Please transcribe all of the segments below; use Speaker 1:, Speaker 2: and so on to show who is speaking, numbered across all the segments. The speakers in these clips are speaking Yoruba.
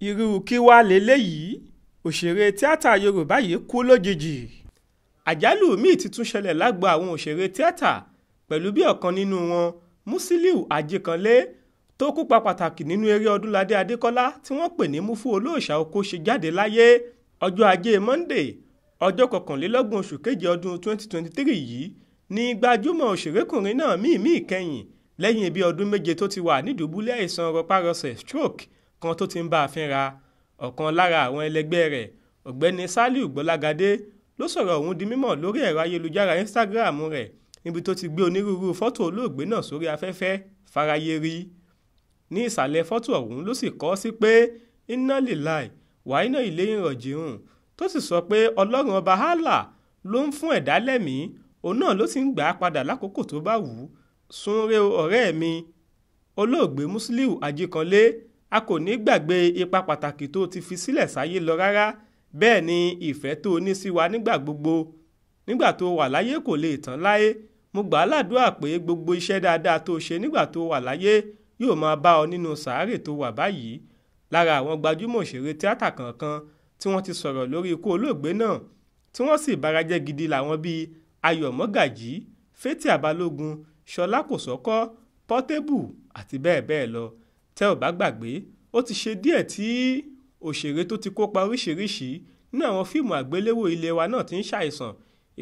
Speaker 1: irú kí wàá lélẹ́yìí òṣèré tíátà yorùbá yìí kú lójijì àjálù míì ti tún ṣẹlẹ̀ lágbo àwọn òṣèré tíátà pẹ̀lú bí ọ̀kan nínú wọn musiliu ajikanle tó kópa pàtàkì nínú eré ọdúnladé adékọ́lá tí wọ́n pè ní mufu olóòṣà oko ṣe jáde láyé ọjọ́ ajé monday ọjọ́ kọkànlélọ́gbọ̀n oṣù keje ọdún 2023 yìí ni gbajúmọ̀ òṣèrékùnrin náà míì míì kẹ́yìn lẹ́yìn bíi ọdún méje tó ti wà nídùbúlẹ̀ àìsàn rọpárọsẹ̀ stroke kan tó ti ń bá a fínra ọ̀kan lára àwọn ẹlẹgbẹ́ rẹ̀ ọ̀gbẹ́ni Sàlíù Gbọ́lágadé ló sọ̀rọ̀ ọ̀hún di mímọ̀ lórí ẹ̀rọ ayélujára Instagram rẹ̀ níbi tó ti gbé onírúurú fọ́tò olóògbé náà sórí afẹ́fẹ́ fáráyé rí ní ìsàlẹ̀ fọ́tò ọ̀hún ló sì kọ sí pé iná lílàì wà iná ilé ìrọ̀jìhùn tó sì sọ pé ọlọ́run ọba hálà ló ń fún ẹ̀dá lẹ́mìí òun náà ló sì ń gbà á padà lákòókò tó bá wù ú sùn re ọ̀rẹ́ mi olóògbé Musiliu Ajíkanlé a kò ní gbàgbé ipa pàtàkì tó ti fi sílẹ̀ sáyé lọ rárá bẹ́ẹ̀ ni ìfẹ́ tó ní sí wa nígbà gbogbo nígbà tó wà láyé kò lè tán láyé mo gbà á ládùúrà pé gbogbo iṣẹ́ dáadáa tó ṣe nígbà tó wà láyé yóò máa bá ọ nínú sàárè tó wà báyìí lára àwọn gbajúmọ̀ òṣèré tíátà kọ̀ọ̀kan tí wọ́n ti sọ̀rọ̀ lórí ikú olóògbé náà tí wọ́n sì barajẹ́ gidi làwọn bíi ayọ̀ mọ́gàjí fétí àbálógun ṣọlá kòsọ́kọ́ pọ́tébù àti bẹ́ẹ̀ bẹ́ẹ̀ lọ tẹ́ ò bá gbàgbé ó ti ṣe díẹ̀ tí òṣèré tó ti kópa oríṣiríṣi nínú àwọn fíìmù àgbéléwò ilé wa náà ti ń ṣàìsàn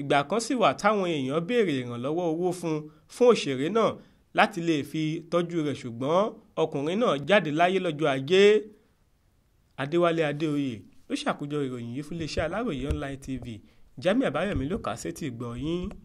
Speaker 1: ìgbà kan sì wà táwọn èèyàn béèrè ìrànlọ́wọ́ owó fún fún òṣèré náà láti lè fi tọ́jú rẹ̀ ṣùgbọ́n ọkùnrin náà jáde láyé lọ́jọ́ ajé adéwálé adéoyè ló ṣàkójọ ìròyìn yìí fún iléeṣẹ́ aláròye online tv jamiu àbáyọ̀mí ló kà á sétí ìgbọ̀nyín.